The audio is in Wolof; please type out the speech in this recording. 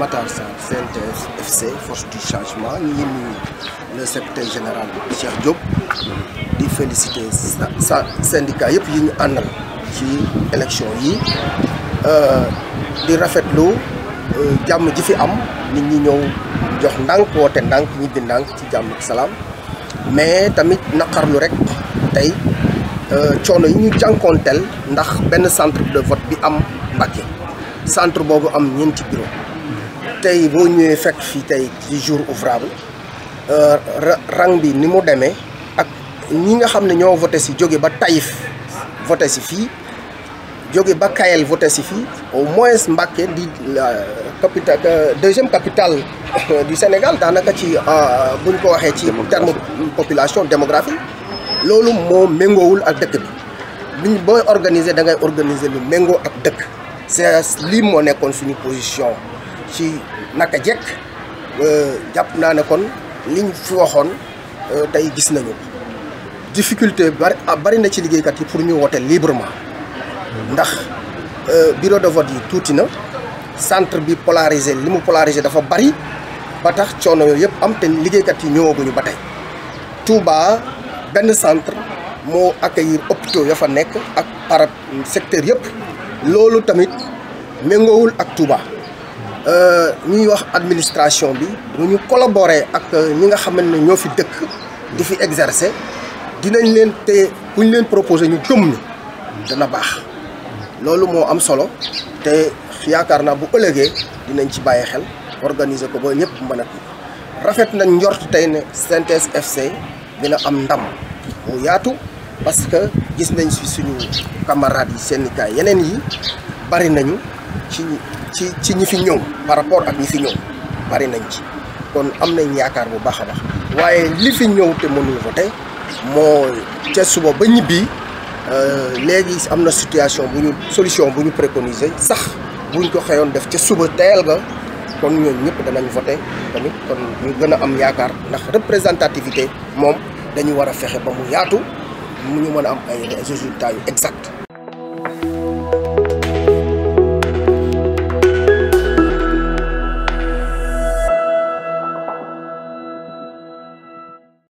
Matar Sarr CNTS FC force du changement ñu ngi le secrétaire général Cheikh Diop di féliciter sa sa syndicat yëpp yi ñu àndal ci élection yi euh, di rafetlu euh, jàmm ji fi am nit ñi ñëw jox ndànk woote ndànk ñibbi ndànk ci jàmm ak salaam mais tamit naqarlu rek tey euh, coono yi ñu jànkoonteel ndax benn centre de vote bi am Mbacké centre boobu am ñeenti bureau tey boo ñëwee fekk fii tey ci jour ouvrable euh, rang bi ni mu demee ak ñi nga xam ne ñoo voté si jóge ba Taïf voté si fii jóge ba Kayel voté si fii au moins Mbacké di capitale euh, deuxième capitale euh, du Sénégal daanaka ci buñ ko waxee ci terme population démographie loolu moo méngoowul ak dëkk bi biñ booy organiser da ngay organiser lu méngoo ak dëkk c'est lii moo nekkoon suñu position ci naka jekk euh, jàpp naa ne kon liñ fi waxoon euh, tey gis nañu difficulté bari ah, bari na ci liggéeykat yi pour ñu wote ma ndax euh, bureau de vote yi tuuti na centre bi polarisé li mu polarisé dafa bari ba tax coono yooyu yëpp am te liggéeykat yi ñëwaguñu ba tey Touba benn centre moo accueillir hôpitaux ya fa nekk ak para secteur yëpp loolu tamit méngoowul ak Touba Euh, ñuy wax administration bi bu ñu collaborer ak euh, ñi nga xam ne ñoo fi dëkk di fi exercer dinañ leen te bu ñu leen proposer ñu gëm ni dana baax loolu moo am solo te yaakaar naa bu ëllëgee dinañ ci bàyyi xel organiser ko ba ñëpp mën a rafet nañ njort tey ne CNTS FC dina am ndam mu yaatu parce que gis nañ si suñu camarades yi syndicat yeneen yi bari nañu. ci ci ci ñi fi ñëw par rapport ak ñi fi ñëw bari nañ ci kon am nañ yaakaar bu baax a baax waaye li fi ñëw te mënul voté moo ca suba ba ñibbi euh, léegi am na situation bu ñu solution bu ñu préconisé sax buñ ko xëyoon def ca suba teel ba kon ñooñu ñëpp danañ voté tamit kon ñu gën a am yaakaar ndax représentativité moom dañu war a fexe ba mu yaatu mu ñu mën a am ay résultats yu exact